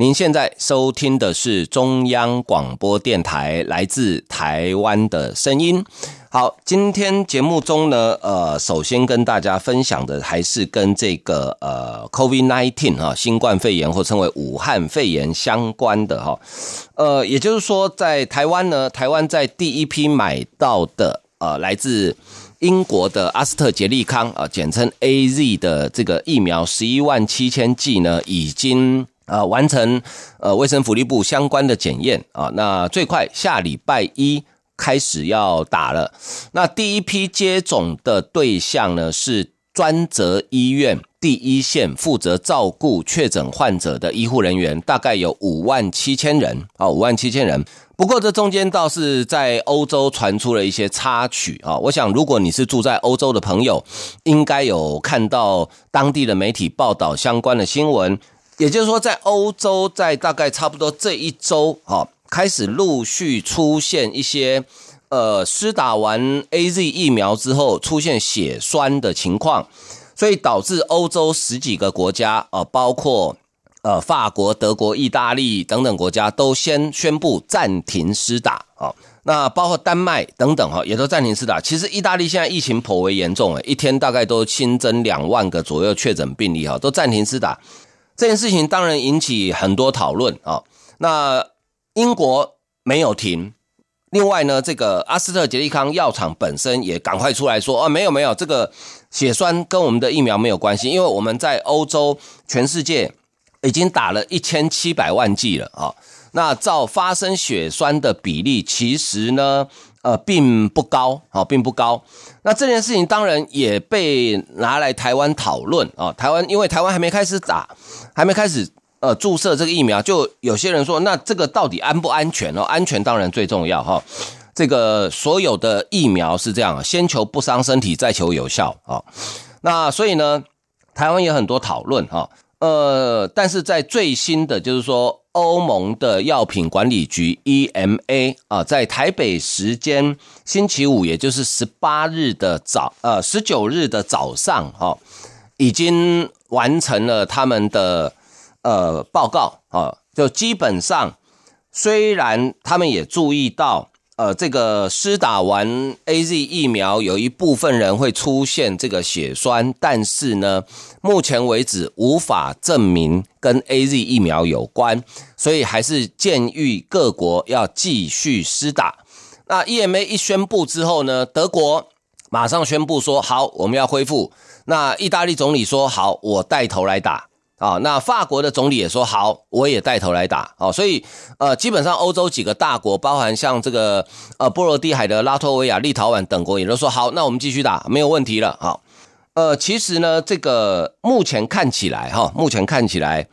您現在收聽的是中央廣播電臺來自臺灣的聲音。好，今天節目中呢，呃，首先跟大家分享的還是跟這個呃，COVID-19 哈、啊，新冠肺炎或稱為武漢肺炎相關的哈，呃、啊，也就是說，在台灣呢，台灣在第一批買到的呃、啊，來自英國的阿斯特捷利康啊，簡稱 AZ 的這個疫苗，十一萬七千劑呢，已經。啊、呃，完成呃衛生福利部相關的檢驗啊，那最快下禮拜一開始要打了，那第一批接種的對象呢是專責醫院第一線負責照顧確診患者的醫護人員，大概有五萬七千人啊，五萬七千人。不過這中間倒是在歐洲傳出了一些插曲啊，我想如果你是住在歐洲的朋友，應該有看到當地的媒體報道相關的新聞。也就是說，在歐洲，在大概差不多這一周啊，開始陸續出現一些，呃，施打完 AZ 疫苗之後出現血栓的情況，所以導致歐洲十幾個國家啊，包括呃法國、德國、意大利等等國家都先宣布暫停施打啊。那包括丹麥等等哈，也都暫停施打。其實意大利現在疫情頗為嚴重哎，一天大概都新增兩萬個左右確診病例啊，都暫停施打。這件事情當然引起很多討論啊。那英國沒有停，另外呢，這個阿斯特捷利康藥廠本身也趕快出來說啊、哦，沒有沒有，這個血栓跟我們的疫苗沒有關係，因為我們在歐洲、全世界已經打了一千七百萬劑了啊。那照發生血栓的比例，其實呢。呃，並不高，哈、哦，並不高。那這件事情當然也被拿來台灣討論啊。台灣因為台灣還沒開始打，還沒開始呃注射這個疫苗，就有些人說，那這個到底安不安全哦？安全當然最重要哈、哦。這個所有的疫苗是這樣，先求不傷身體，再求有效啊、哦。那所以呢，台灣有很多討論哈，呃，但是在最新的就是說。歐盟的藥品管理局 EMA 啊，在台北時間星期五，也就是十八日的早，呃，十九日的早上，哦，已經完成了他們的呃報告，哈，啊，就基本上，雖然他們也注意到。呃，這個施打完 AZ 疫苗，有一部分人會出現這個血栓，但是呢，目前為止無法證明跟 AZ 疫苗有關，所以還是建議各國要繼續施打。那 EMA 一宣布之後呢，德國馬上宣布說好，我們要恢復。那意大利總理說好，我帶頭來打。啊、哦，那法國的總理也說好，我也帶頭來打啊、哦，所以呃，基本上歐洲幾個大國，包含像這個呃波羅的海的拉脫維亞、立陶宛等國，也都說好，那我們繼續打，沒有問題了。好、哦，呃，其實呢，這個目前看起來哈、哦，目前看起來，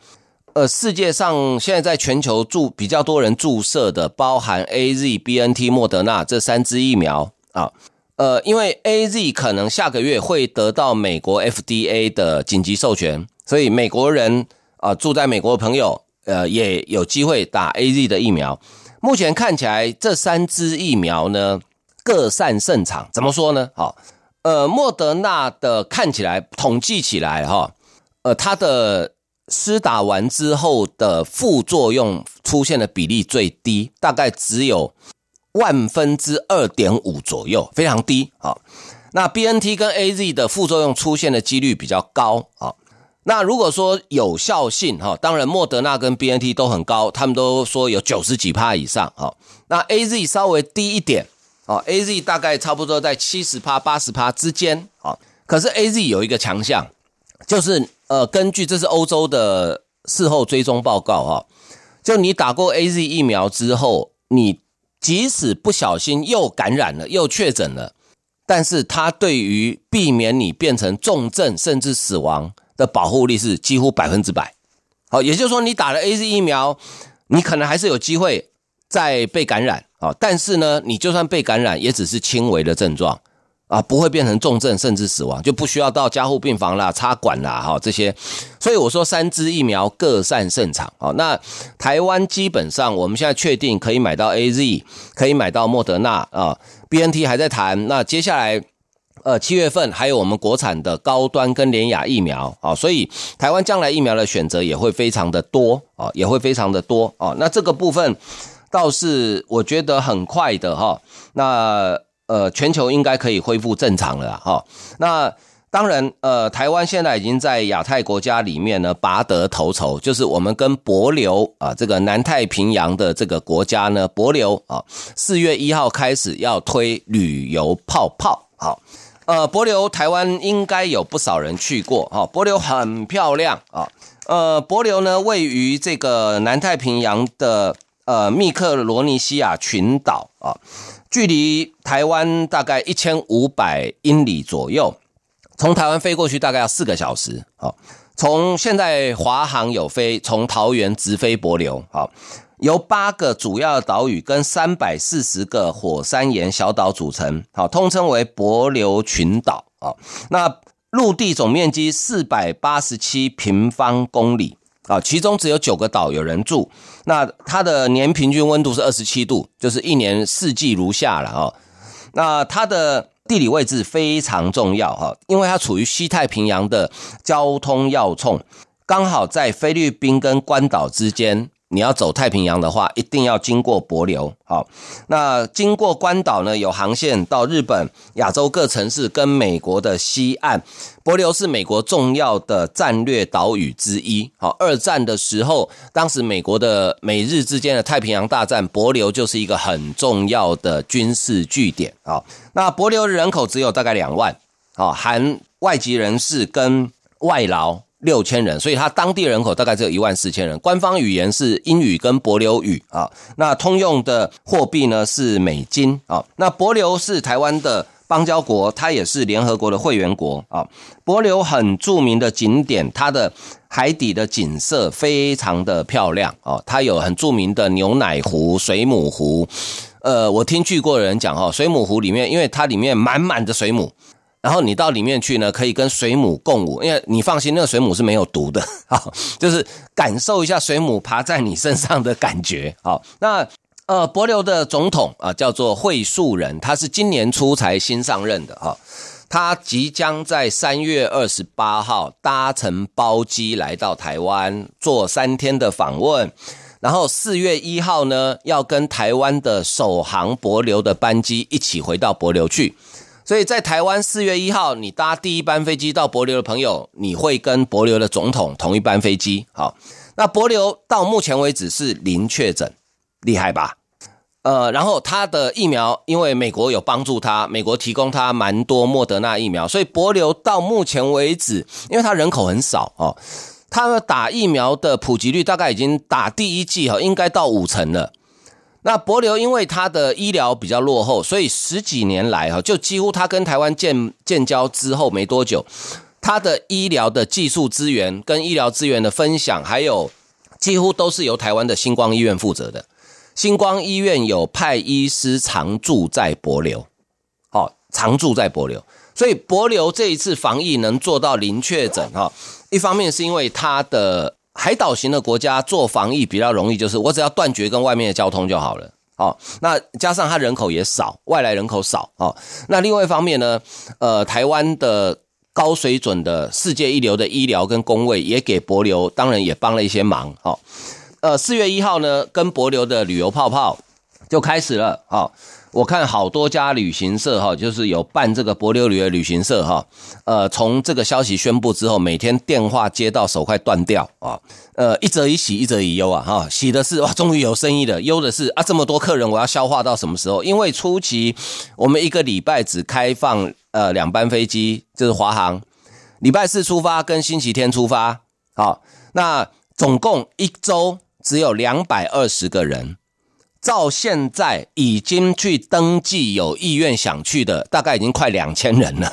呃，世界上現在在全球注比較多人注射的，包含 A Z、B N T、莫德納這三支疫苗啊、哦，呃，因為 A Z 可能下個月會得到美國 F D A 的緊急授權。所以美國人啊、呃，住在美國的朋友，呃，也有機會打 A Z 的疫苗。目前看起來，這三支疫苗呢，各擅勝場。怎麼說呢？哈、哦，呃，莫德納的看起來統計起來哈、哦，呃，它的施打完之後的副作用出現的比例最低，大概只有萬分之二點五左右，非常低啊、哦。那 B N T 跟 A Z 的副作用出現的幾率比較高啊。哦。那如果說有效性哈，當然莫德納跟 BNT 都很高，他們都說有九十幾趴以上哈。那 AZ 稍微低一點啊，AZ 大概差不多在七十趴八十趴之間啊。可是 AZ 有一個強項，就是呃，根據這是歐洲的事後追蹤報告哈，就你打過 AZ 疫苗之後，你即使不小心又感染了又確診了，但是它對於避免你變成重症甚至死亡，的保護力是幾乎百分之百，好，也就是說你打了 AZ 疫苗，你可能還是有機會再被感染啊，但是呢，你就算被感染，也只是輕微的症狀啊，不會變成重症甚至死亡，就不需要到加護病房啦、插管啦，哈，這些。所以我說三支疫苗各擅勝場啊。那台灣基本上我們現在確定可以買到 AZ，可以買到莫德納啊，BNT 還在談。那接下來。呃，七月份還有我們國產的高端跟聯亞疫苗啊、哦，所以台灣將來疫苗的選擇也會非常的多啊、哦，也會非常的多啊、哦。那這個部分倒是我覺得很快的哈、哦。那呃，全球應該可以恢復正常了哈、哦。那當然呃，台灣現在已經在亞太國家裡面呢拔得頭籌，就是我們跟帛琉啊這個南太平洋的這個國家呢帛琉啊，四、哦、月一號開始要推旅游泡泡啊。哦呃，帛琉台灣應該有不少人去過啊，帛琉很漂亮啊。呃，帛琉呢位於這個南太平洋的呃密克羅尼西亞群島啊，距離台灣大概一千五百英里左右，從台灣飛過去大概要四個小時啊。從現在華航有飛從桃園直飛帛琉好。啊由八個主要島嶼跟三百四十個火山岩小島組成，好，通稱為帛琉群島啊。那陸地總面積四百八十七平方公里啊，其中只有九個島有人住。那它的年平均溫度是二十七度，就是一年四季如夏了啊。那它的地理位置非常重要哈，因為它處於西太平洋的交通要衝，剛好在菲律賓跟關島之間。你要走太平洋的話，一定要經過帛琉。好，那經過關島呢？有航線到日本、亞洲各城市跟美國的西岸。帛琉是美國重要的戰略島嶼之一。好，二戰的時候，當時美國的美日之間的太平洋大戰，帛琉就是一個很重要的軍事據點。啊，那帛琉人口只有大概兩萬，啊，含外籍人士跟外勞。六千人，所以它當地人口大概只有一萬四千人。官方語言是英語跟帛琉語啊。那通用的貨幣呢是美金啊。那帛琉是台灣的邦交國，它也是聯合國的會員國啊。帛琉很著名的景點，它的海底的景色非常的漂亮啊。它有很著名的牛奶湖、水母湖。呃，我聽去過的人講哦，水母湖裡面，因為它裡面滿滿的水母。然後你到裡面去呢，可以跟水母共舞，因為你放心，那個水母是沒有毒的啊， 就是感受一下水母爬在你身上的感覺啊。那呃，帛琉的總統啊，叫做惠恕仁，他是今年初才新上任的哈、哦，他即將在三月二十八號搭乘包機來到台灣做三天的訪問，然後四月一號呢，要跟台灣的首航帛琉的班機一起回到帛琉去。所以在台灣四月一號，你搭第一班飛機到帛琉的朋友，你會跟帛琉的總統同一班飛機。好，那帛琉到目前為止是零確診，厲害吧？呃，然後他的疫苗，因為美國有幫助他，美國提供他蠻多莫德納疫苗，所以帛琉到目前為止，因為他人口很少哦。他打疫苗的普及率大概已經打第一劑哈，應該到五成了。那帛琉因為他的醫療比較落後，所以十幾年來哈，就幾乎他跟台灣建建交之後沒多久，他的醫療的技術資源跟醫療資源的分享，還有幾乎都是由台灣的星光醫院負責的。星光醫院有派醫師常駐在帛琉，哦，常駐在帛琉，所以帛琉這一次防疫能做到零確診哈，一方面是因為他的。海島型的國家做防疫比較容易，就是我只要斷絕跟外面的交通就好了。哦，那加上它人口也少，外來人口少。哦，那另外一方面呢，呃，台灣的高水準的世界一流的醫療跟公衛，也給帛琉，當然也幫了一些忙。哦，呃，四月一號呢，跟帛琉的旅遊泡泡就開始了。哦。我看好多家旅行社哈，就是有辦這個帛琉旅的旅行社哈，呃，從這個消息宣布之後，每天電話接到手快斷掉啊，呃，一則以喜，一則以憂啊哈，喜的是哇，終於有生意了，憂的是啊，這麼多客人我要消化到什麼時候？因為初期我們一個禮拜只開放呃兩班飛機，就是華航，禮拜四出發跟星期天出發，啊、哦，那總共一周只有兩百二十個人。到現在已經去登記有意願想去的，大概已經快兩千人了，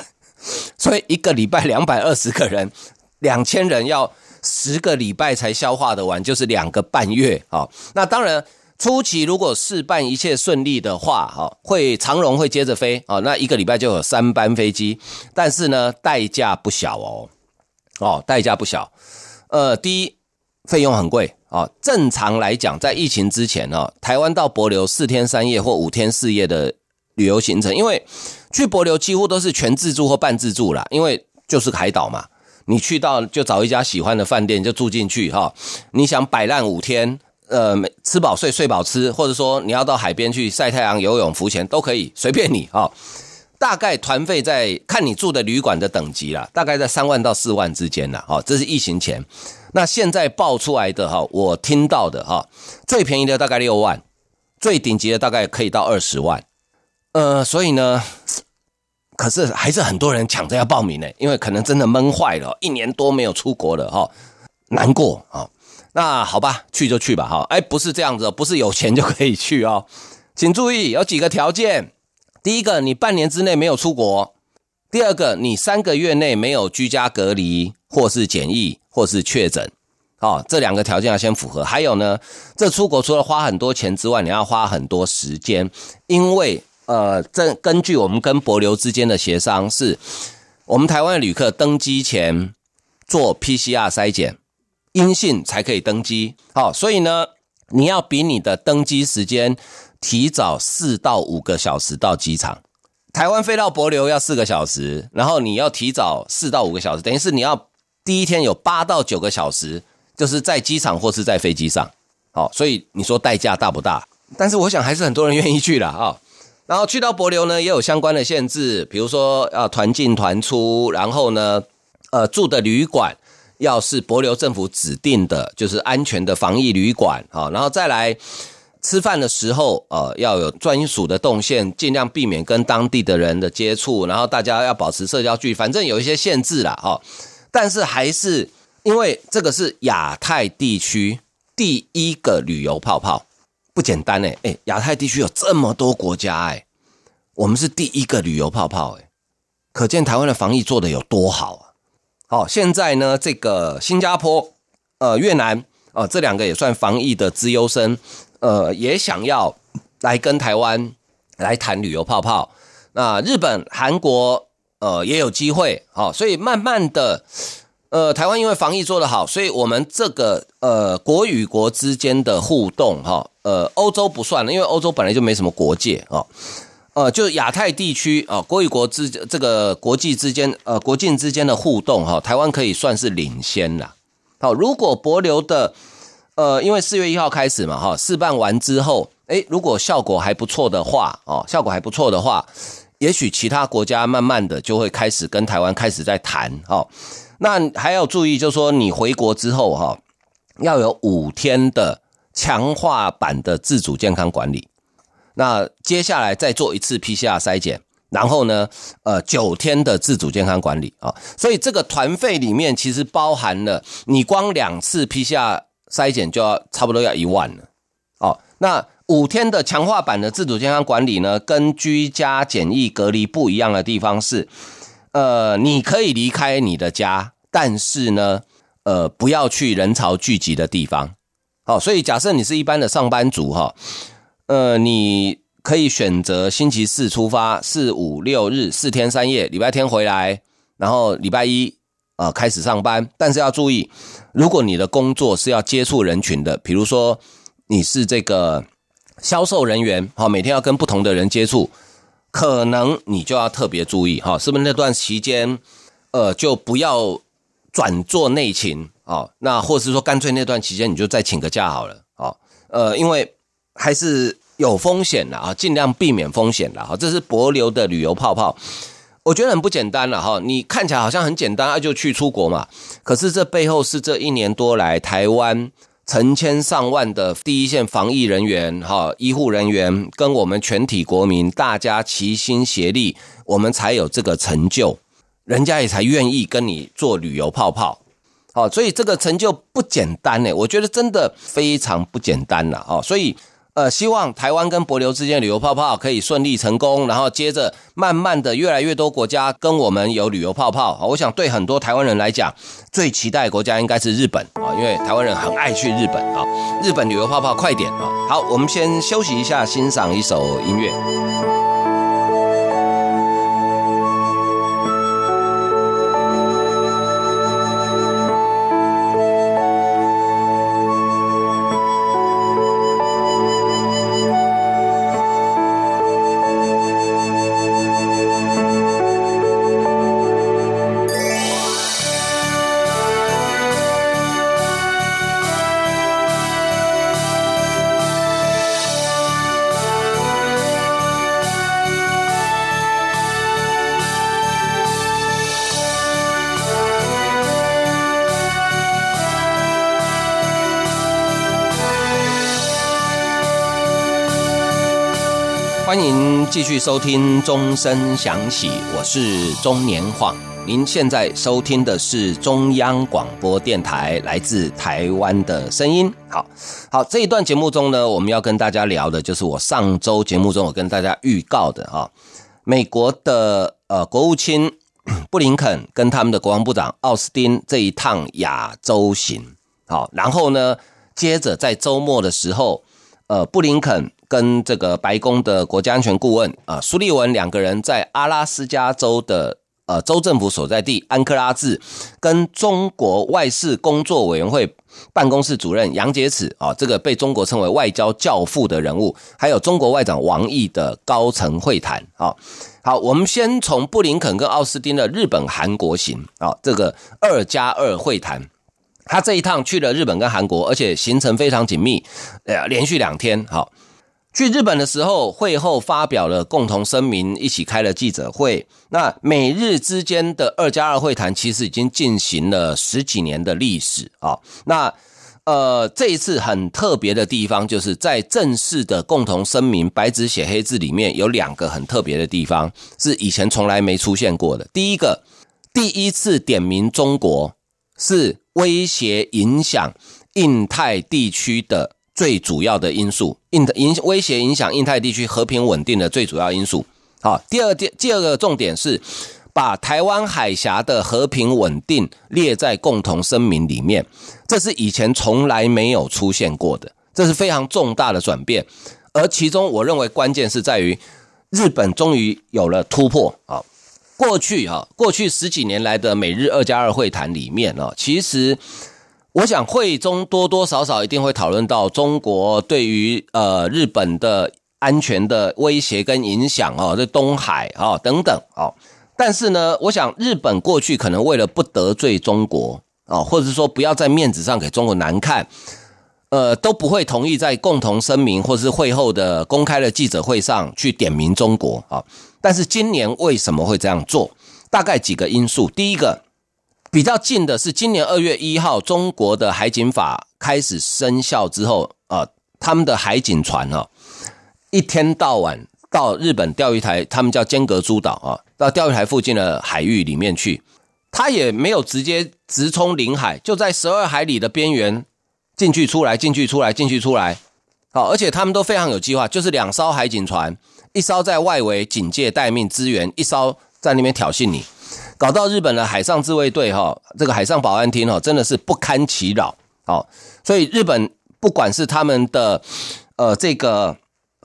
所以一個禮拜兩百二十個人，兩千人要十個禮拜才消化得完，就是兩個半月，哦，那當然初期如果試辦一切順利的話，哦，會長榮會接着飛，哦，那一個禮拜就有三班飛機，但是呢，代價不小哦，哦，代價不小，呃，第一，費用很貴。正常來講，在疫情之前，台灣到帛琉四天三夜或五天四夜的旅遊行程，因為去帛琉幾乎都是全自助或半自助了，因為就是海島嘛，你去到就找一家喜歡的飯店就住進去，你想擺爛五天，呃，吃飽睡睡飽吃，或者說你要到海邊去曬太陽、游泳、浮潛都可以，隨便你，大概團費在看你住的旅館的等級啦，大概在三萬到四萬之間啦。哦，這是疫情前。那現在報出來的哈，我聽到的哈，最便宜的大概六萬，最頂級的大概可以到二十萬，呃，所以呢，可是還是很多人搶着要報名呢、欸，因為可能真的悶壞了，一年多沒有出國了哈，難過啊。那好吧，去就去吧哈。哎、欸，不是這樣子，不是有錢就可以去哦，請注意有幾個條件：第一個，你半年之內沒有出國；第二個，你三個月內沒有居家隔離或是檢疫。或是確診，好、哦，這兩個條件要先符合。還有呢，這出國除了花很多錢之外，你要花很多時間，因為呃，這根據我們跟帛琉之間的協商是，是我們台灣的旅客登機前做 PCR 篩檢，陰性才可以登機。哦。所以呢，你要比你的登機時間提早四到五個小時到機場。台灣飛到帛琉要四個小時，然後你要提早四到五個小時，等於是你要。第一天有八到九個小時，就是在機場或是在飛機上、哦，所以你說代價大不大？但是我想還是很多人願意去啦。啊。然後去到帛琉呢，也有相關的限制，比如說要團進團出，然後呢，呃，住的旅館要是帛琉政府指定的，就是安全的防疫旅館啊、哦。然後再來吃飯的時候，呃，要有專屬的動線，盡量避免跟當地的人的接觸，然後大家要保持社交距離，反正有一些限制了啊。但是還是因為這個是亞太地區第一個旅遊泡泡，不簡單呢、欸，誒、欸，亞太地區有這麼多國家誒、欸。我們是第一個旅遊泡泡誒、欸，可見台灣的防疫做得有多好啊！好，現在呢，這個新加坡、呃越南、呃這兩個也算防疫的資優生，呃也想要來跟台灣來談旅遊泡泡，那、呃、日本、韓國。呃，也有機會、哦，所以慢慢的，呃，台灣因為防疫做得好，所以我們這個呃國與國之間的互動，哈、哦，呃，歐洲不算了，因為歐洲本來就沒什麼國界，啊、哦，呃，就亞太地區啊、哦，國與國之這個國際之間，呃，國境之間的互動，哈、哦，台灣可以算是領先了，好、哦，如果帛琉的，呃，因為四月一號開始嘛，哈、哦，試辦完之後，哎、欸，如果效果還不錯的話，哦，效果還不錯的話。也許其他國家慢慢的就會開始跟台灣開始在談哦，那還要注意，就是說你回國之後哈、哦，要有五天的強化版的自主健康管理，那接下來再做一次 PCR 篩檢，然後呢，呃，九天的自主健康管理啊、哦，所以這個團費裡面其實包含了你光兩次 PCR 篩檢就要差不多要一萬了，哦，那。五天的強化版的自主健康管理呢，跟居家檢疫隔離不一樣的地方是，呃，你可以離開你的家，但是呢，呃，不要去人潮聚集的地方。好，所以假設你是一般的上班族哈，呃，你可以選擇星期四出發，四五六日，四天三夜，禮拜天回來，然後禮拜一啊，呃，開始上班。但是要注意，如果你的工作是要接觸人群的，比如說你是這個。銷售人員，每天要跟不同的人接觸，可能你就要特別注意，是不是那段期間、呃，就不要轉做內勤，那或者是說，乾脆那段期間你就再請個假好了，因為還是有風險的，盡量避免風險。這是帛琉的旅遊泡泡，我覺得很不簡單了，你看起來好像很簡單、啊，就去出國嘛，可是這背後是這一年多來台灣。成千上萬的第一線防疫人員，哈，醫護人員跟我們全體國民，大家齊心協力，我們才有這個成就，人家也才願意跟你做旅遊泡泡，齁，所以這個成就不簡單呢，欸，我覺得真的非常不簡單了啊，所以。呃，希望台灣跟帛琉之間旅遊泡泡可以順利成功，然後接着慢慢的越來越多國家跟我們有旅遊泡泡。我想對很多台灣人來講，最期待的國家應該是日本啊，因為台灣人很愛去日本啊。日本旅遊泡泡快點啊！好，我們先休息一下，欣賞一首音樂。收聽鐘聲響起，我是鍾年晃。您現在收聽的是中央廣播電台來自台灣的聲音。好，好，這一段節目中呢，我們要跟大家聊的就是我上周節目中我跟大家預告的、哦、美國的呃國務卿布林肯跟他們的國防部長奧斯汀這一趟亞洲行。好、哦，然後呢，接着在周末的時候，呃，布林肯。跟這個白宮的國家安全顧問啊，呃、蘇利文兩個人在阿拉斯加州的呃州政府所在地安克拉治，跟中國外事工作委員會辦公室主任楊潔篪啊、哦，這個被中國稱為外交教父的人物，還有中國外長王毅的高層會談啊、哦。好，我們先從布林肯跟奧斯汀的日本韓國行啊、哦，這個二加二會談，他這一趟去了日本跟韓國，而且行程非常緊密，呃、連續兩天、哦去日本的時候，會後發表了共同聲明，一起開了記者會。那美日之間的二加二會談其實已經進行了十幾年的歷史啊哦。那呃，這一次很特別的地方，就是在正式的共同聲明白紙寫黑字裡面，有兩個很特別的地方是以前從來沒出現過的。第一個，第一次點名中國是威脅影響印太地區的。最主要的因素，印印威脅影響印太地區和平穩定的最主要因素。好，第二點，第二個重點是把台灣海峽的和平穩定列在共同聲明裡面，這是以前從來沒有出現過的，這是非常重大的轉變。而其中，我認為關鍵是在於日本終於有了突破。啊，過去啊，過去十幾年來的美日二加二會談裡面啊，其實。我想會中多多少少一定會討論到中國對於呃日本的安全的威脅跟影響哦，在東海哦，等等哦，但是呢，我想日本過去可能為了不得罪中國啊、哦，或者是說不要在面子上給中國難看，呃，都不會同意在共同聲明或是會後的公開的記者會上去點名中國啊、哦。但是今年為什麼會這樣做？大概幾個因素，第一個。比較近的是，今年二月一號，中國的海警法開始生效之後啊，他們的海警船啊，一天到晚到日本釣魚台，他們叫尖閣諸島啊，到釣魚台附近的海域裡面去，他也沒有直接直衝領海，就在十二海里的邊緣進去出來，進去出來，進去出來，好、啊，而且他們都非常有計劃，就是兩艘海警船，一艘在外圍警戒待命支援，一艘在那邊挑釁你。搞到日本的海上自衛隊哈，這個海上保安廳哈，真的是不堪其擾。好，所以日本不管是他們的呃這個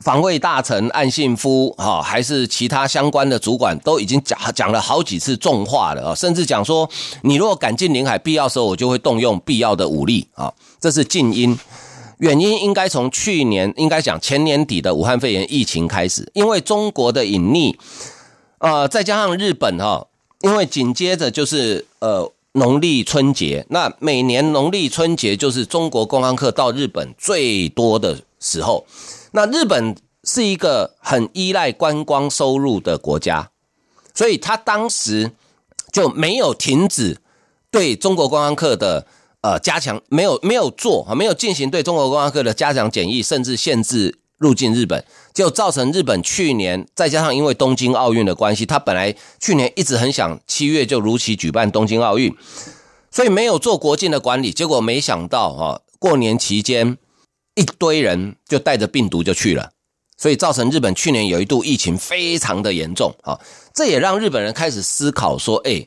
防衛大臣岸信夫哈，還是其他相關的主管，都已經講講了好幾次重話了，甚至講說，你如果敢進領海，必要的時候我就會動用必要的武力啊。這是近因，遠因應該從去年應該講前年底的武漢肺炎疫情開始，因為中國的隱匿啊、呃，再加上日本哈。呃因為緊接着就是呃農曆春節，那每年農曆春節就是中國觀光客到日本最多的時候，那日本是一個很依賴觀光收入的國家，所以他當時就沒有停止對中國觀光客的呃加強，沒有沒有做沒有進行對中國觀光客的加強檢疫，甚至限制。入境日本，就造成日本去年，再加上因為東京奧運的關係，他本來去年一直很想七月就如期舉辦東京奧運，所以沒有做國境的管理。結果沒想到哈、哦，過年期間一堆人就帶着病毒就去了，所以造成日本去年有一度疫情非常的嚴重啊、哦！這也讓日本人開始思考說，哎，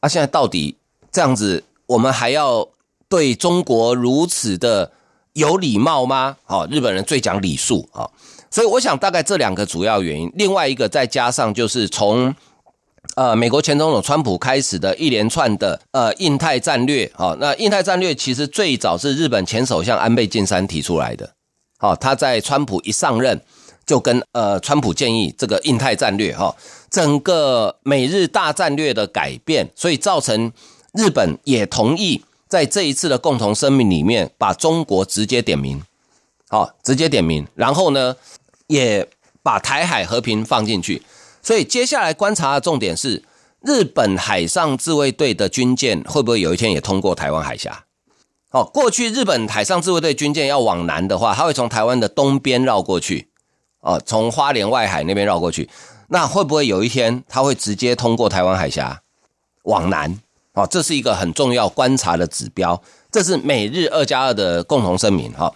啊，現在到底這樣子，我們還要對中國如此的有禮貌嗎？哦，日本人最講禮數哦，所以我想大概這兩個主要原因，另外一個再加上就是從，呃，美國前總統川普開始的一連串的呃印太戰略，哦，那印太戰略其實最早是日本前首相安倍晉三提出來的，哦，他在川普一上任就跟呃川普建議這個印太戰略，哦，整個美日大戰略的改變，所以造成日本也同意。在這一次的共同聲明裡面，把中國直接點名，好、哦，直接點名，然後呢，也把台海和平放進去。所以接下來觀察的重點是，日本海上自衛隊的軍艦會不會有一天也通過台灣海峽？哦，過去日本海上自衛隊軍艦要往南的話，它會從台灣的東邊繞過去，哦，從花蓮外海那邊繞過去。那會不會有一天它會直接通過台灣海峽往南？哦，這是一個很重要觀察的指標，這是美日二加二的共同聲明哈。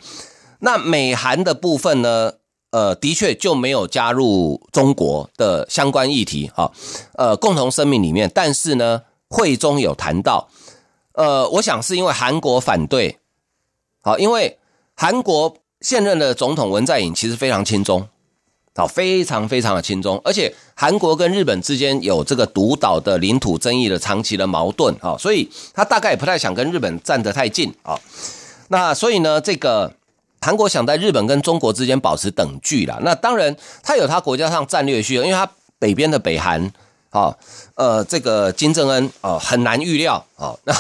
那美韓的部分呢？呃，的確就沒有加入中國的相關議題哈。呃，共同聲明裡面，但是呢，會中有談到，呃，我想是因為韓國反對。好，因為韓國現任的總統文在寅其實非常親中。好，非常非常的輕鬆，而且韓國跟日本之間有這個獨島的領土爭議的長期的矛盾啊，所以他大概也不太想跟日本站得太近啊。那所以呢，這個韓國想在日本跟中國之間保持等距了。那當然，他有他國家上戰略需要，因為他北邊的北韓啊，呃，這個金正恩很難預料啊。那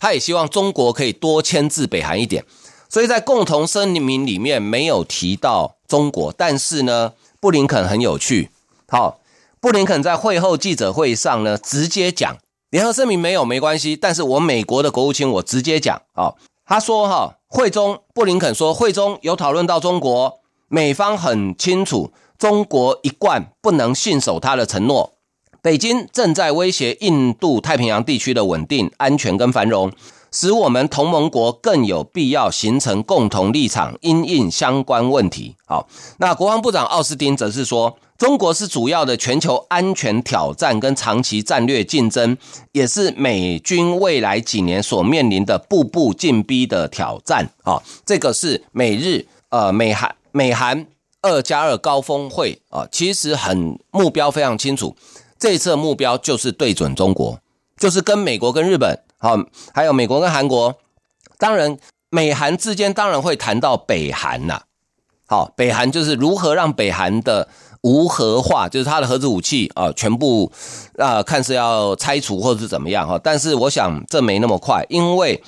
他也希望中國可以多牽制北韓一點，所以在共同聲明裡面沒有提到中國，但是呢。布林肯很有趣，好，布林肯在會後記者會上呢，直接講，聯合聲明沒有沒關係，但是我美國的國務卿我直接講啊，他說哈，會中布林肯說，會中有討論到中國，美方很清楚，中國一貫不能信守他的承諾，北京正在威脅印度太平洋地區的穩定、安全跟繁榮。使我們同盟國更有必要形成共同立場，因應相關問題。好，那國防部長奧斯汀則是說，中國是主要的全球安全挑戰跟長期戰略競爭，也是美軍未來幾年所面臨的步步進逼的挑戰。啊、哦，這個是美日呃美韓美韓二加二高峰會啊、哦，其實很目標非常清楚，這一次目標就是對準中國。就是跟美國、跟日本，好，還有美國跟韓國，當然美韓之間當然會談到北韓吶，好，北韓就是如何讓北韓的無核化，就是它的核子武器啊，全部啊看是要拆除或者是怎麼樣哈，但是我想這沒那麼快，因為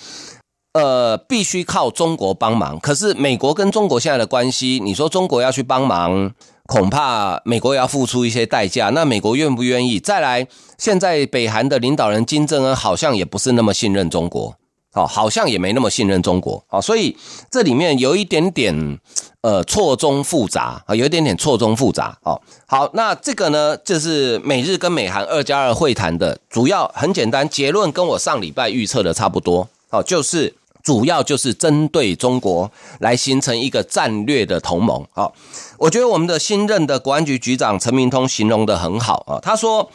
呃必須靠中國幫忙，可是美國跟中國現在的關係，你說中國要去幫忙？恐怕美國也要付出一些代價，那美國願不願意？再來，現在北韓的領導人金正恩好像也不是那麼信任中國，哦，好像也沒那麼信任中國，哦，所以這裡面有一點點，呃，錯綜複雜啊，有一點點錯綜複雜哦。好，那這個呢，就是美日跟美韓二加二會談的主要，很簡單，結論跟我上禮拜預測的差不多，哦，就是。主要就是針對中國來形成一個戰略的同盟啊！我覺得我們的新任的國安局局長陳明通形容得很好啊。他說，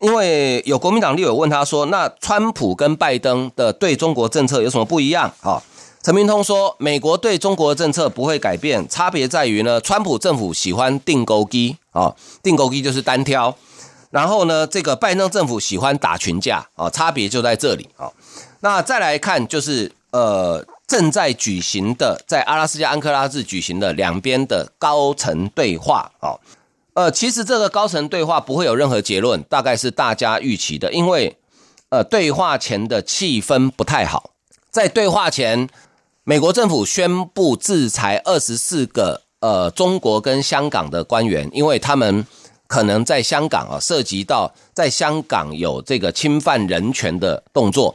因為有國民黨立委問他說，那川普跟拜登的對中國政策有什麼不一樣啊？陳明通說，美國對中國政策不會改變，差別在於呢，川普政府喜歡釘孤枝啊，釘孤枝就是單挑，然後呢，這個拜登政府喜歡打群架啊，差別就在這裡啊。那再來看就是。呃，正在舉行的在阿拉斯加安克拉治舉行的兩邊的高層對話啊、哦，呃，其實這個高層對話不會有任何結論，大概是大家預期的，因為呃，對話前的氣氛不太好。在對話前，美國政府宣布制裁二十四個呃中國跟香港的官員，因為他們可能在香港啊、哦，涉及到在香港有這個侵犯人權的動作。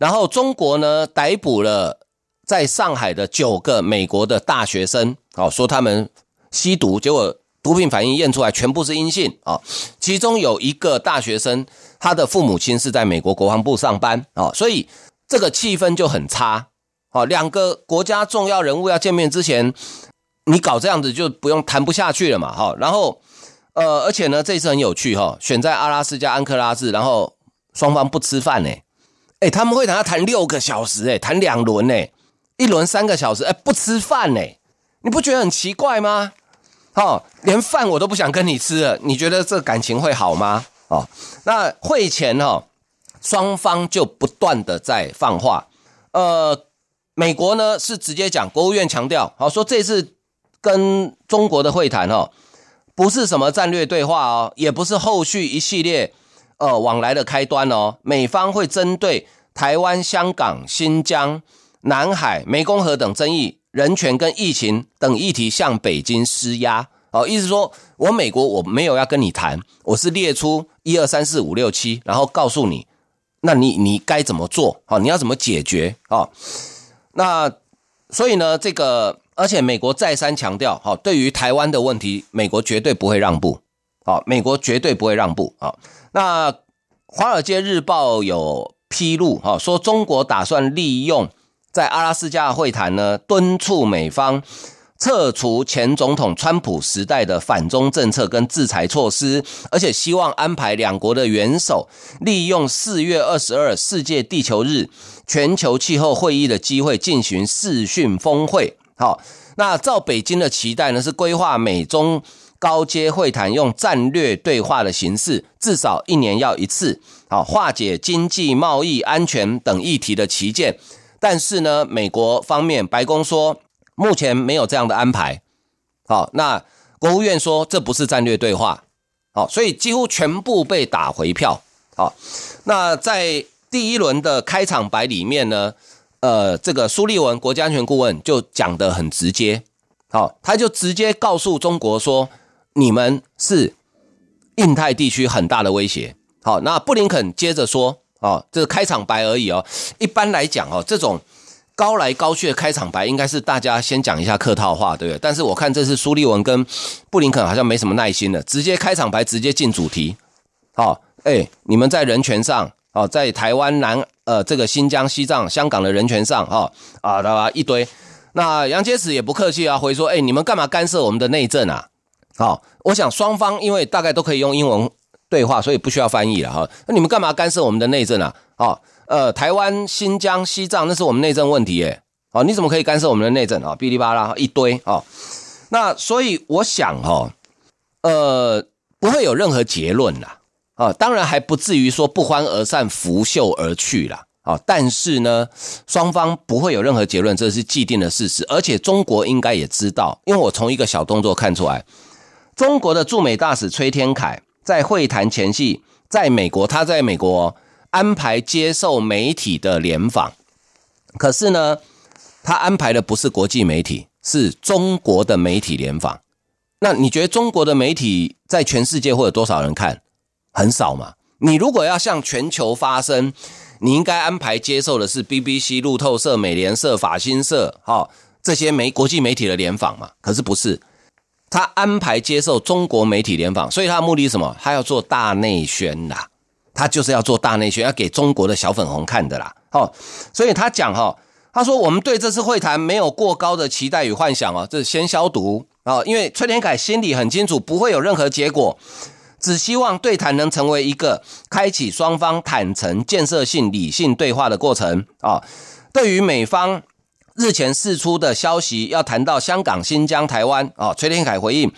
然後中國呢逮捕了在上海的九個美國的大學生，好說他們吸毒，結果毒品反應驗出來全部是陰性哦，其中有一個大學生，他的父母親是在美國國防部上班哦，所以這個氣氛就很差。好，兩個國家重要人物要見面之前，你搞這樣子就不用談不下去了嘛哈。然後，呃，而且呢這一次很有趣哈，選在阿拉斯加安克拉治，然後雙方不吃飯呢、欸。哎、欸，他們會談要談六個小時、欸，哎，談兩輪呢、欸，一輪三個小時，哎、欸，不吃飯呢、欸，你不覺得很奇怪嗎？哈、哦，連飯我都不想跟你吃了，你覺得這感情會好嗎？啊、哦，那會前哈、哦，雙方就不斷地在放話，呃，美國呢是直接講，國務院強調，好說這次跟中國的會談哈、哦，不是什麼戰略對話哦，也不是後續一系列。呃，往來的開端哦，美方會針對台灣、香港、新疆、南海、湄公河等爭議、人權跟疫情等議題向北京施壓。哦，意思說我美國我沒有要跟你談，我是列出一二三四五六七，然後告訴你，那你你該怎麼做？哦，你要怎麼解決？哦，那所以呢，這個而且美國再三強調，好、哦，對於台灣的問題，美國絕對不會讓步。哦，美國絕對不會讓步。哦。那《華爾街日報》有披露哈，說中國打算利用在阿拉斯加會談呢，敦促美方撤除前總統川普時代的反中政策跟制裁措施，而且希望安排兩國的元首利用四月二十二世界地球日全球氣候會議的機會進行視訊峰會。好，那照北京的期待呢，是規劃美中。高階會談用戰略對話的形式，至少一年要一次，好化解經濟、貿易、安全等議題的旗艦。但是呢，美國方面白宮說目前沒有這樣的安排。好，那國務院說這不是戰略對話。好，所以幾乎全部被打回票。好，那在第一輪的開場白裡面呢，呃，這個蘇利文國家安全顧問就講得很直接。好，他就直接告訴中國說。你們是印太地區很大的威脅。好，那布林肯接着說，哦，這個開場白而已哦。一般來講，哦，這種高來高去的開場白，應該是大家先講一下客套話，對不對？但是我看這次蘇利文跟布林肯好像沒什麼耐心了，直接開場白，直接進主題。好，哎，你們在人權上，哦，在台灣、南呃這個新疆、西藏、香港的人權上，哦，哈啊，對吧？一堆。那楊潔篪也不客氣啊，回說，哎，你們幹嘛干涉我們的內政啊？好、哦，我想雙方因為大概都可以用英文對話，所以不需要翻譯了哈。那、啊、你們幹嘛干涉我們的內政啊？哦，呃，台灣、新疆、西藏，那是我們內政問題耶。哦、你怎麼可以干涉我們的內政啊、哦？嗶哩吧啦一堆啊、哦。那所以我想哈、哦，呃，不會有任何結論了啊。當然還不至於說不歡而散、拂袖而去了、啊、但是呢，雙方不會有任何結論，這是既定的事實。而且中國應該也知道，因為我從一個小動作看出來。中國的駐美大使崔天凱在會談前夕，在美國，他在美國安排接受媒體的聯訪，可是呢，他安排的不是國際媒體，是中國的媒體聯訪。那你覺得中國的媒體在全世界會有多少人看？很少嘛。你如果要向全球發聲，你應該安排接受的是 BBC、路透社、美聯社、法新社，哈、哦，這些媒國際媒體的聯訪嘛。可是不是？他安排接受中國媒體聯訪，所以他的目的是什麼？他要做大內宣啦，他就是要做大內宣，要給中國的小粉紅看的啦。哦，所以他講哈、哦，他說，我們對這次會談沒有過高的期待與幻想哦，這是先消毒哦，因為崔天凱心裡很清楚，不會有任何結果，只希望對談能成為一個開啟雙方坦誠、建設性、理性對話的過程哦。對於美方。日前釋出的消息，要談到香港、新疆、臺灣、哦，崔天凱回應，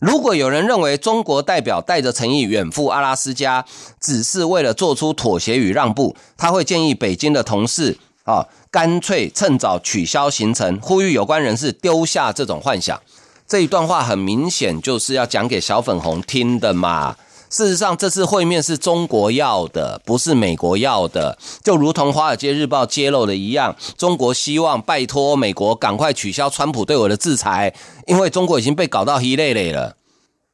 如果有人認為中國代表帶着誠意遠赴阿拉斯加，只是為了做出妥協與讓步，他會建議北京的同事啊，哦、乾脆趁早取消行程，呼籲有關人士丟下這種幻想。這一段話很明顯就是要講給小粉紅聽的嘛。事實上，這次會面是中國要的，不是美國要的。就如同《華爾街日報》揭露的一樣，中國希望拜託美國趕快取消川普對我的制裁，因為中國已經被搞到黑累累了。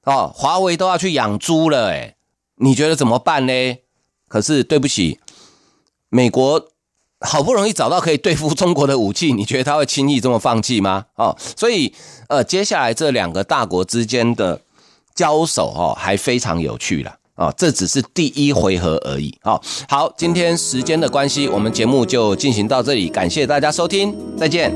哦，華為都要去養豬了，欸，你覺得怎麼辦呢？可是對不起，美國好不容易找到可以對付中國的武器，你覺得他會輕易這麼放棄嗎？哦，所以呃，接下來這兩個大國之間的。交手哦，還非常有趣啦。啊、哦，這只是第一回合而已啊、哦。好，今天時間的關係，我們節目就進行到這裡，感謝大家收聽，再見。